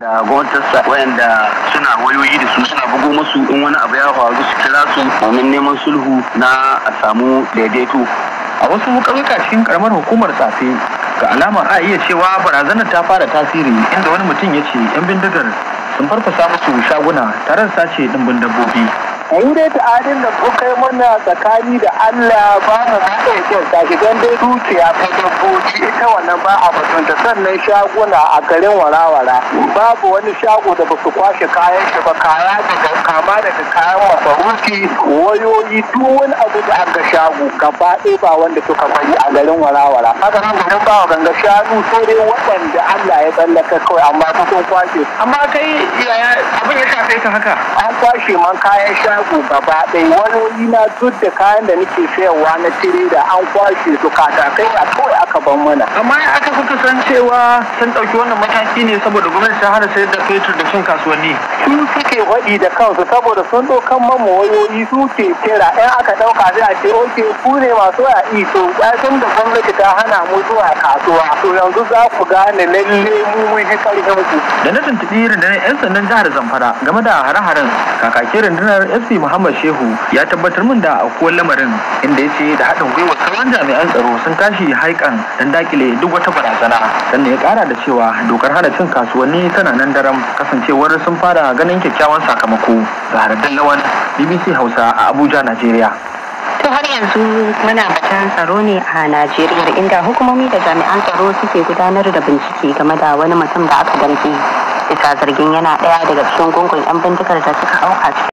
da gwamnatarsa wayanda suna wayoyi da su suna bugo masu in wani abu ya faru su kira su domin neman sulhu na a samu daidaito a wasu ƙauyuka cikin karamar hukumar safe ga alamar a iya cewa barazanar ta fara tasiri inda wani mutum ya ce 'yan bindigar sun farfasa musu shaguna tare da sace dimbin dabbobi mu dai ta adin da kun kai mana tsakani da Allah ba mu haɗa kyau ta gidan dai dukiya ta dabbobi ita wannan ba a ta, sannan shaguna a garin warawara babu wani shago da basu kwashe kayan shi ba kaya daga kama daga kayan masarufi wayoyi duk wani abu da aka shago gaba ɗaya ba wanda suka bari a garin warawara haka nan garin ba ganga shanu sai dai waɗanda Allah ya tsallaka kawai amma sun kwashe amma kai yaya abin ya shafe ka haka an kwashe man kayan shanu shago gaba ɗaya wani na duk da kayan da nake sayarwa na tire da an kwashe su katakai a kawai aka ban mana. Amma aka kuka san cewa sun ɗauki wannan mataki ne saboda gwamnati ta hana sayar da fetur da shan kasuwanni. Su suke waɗi da kansu saboda sun kan mamu wayoyi suke kira ɗan aka ɗauka sai a ce oke ku ne masu a iso ɗakin da gwamnati ta hana mu zuwa kasuwa. To yanzu za ku gane lalle mu mun fi ƙarfin ku. Da na tuntuɓi rundunar 'yan sandan jihar Zamfara game da hare-haren kakakin rundunar Safi Muhammad Shehu ya tabbatar min da akuwar lamarin inda ya ce da haɗin gwiwa sauran jami'an tsaro sun kashi haikan don dakile duk wata barazana. Sannan ya kara da cewa dokar hana cin kasuwanni tana nan daram kasancewar sun fara ganin kyakkyawan sakamako. Zahar Lawan BBC Hausa a Abuja, Najeriya. to har yanzu muna batun tsaro ne a najeriya inda hukumomi da jami'an tsaro suke gudanar da bincike game da wani mutum da aka gance bisa zargin yana ɗaya daga cikin gungun 'yan bindigar da suka auka cikin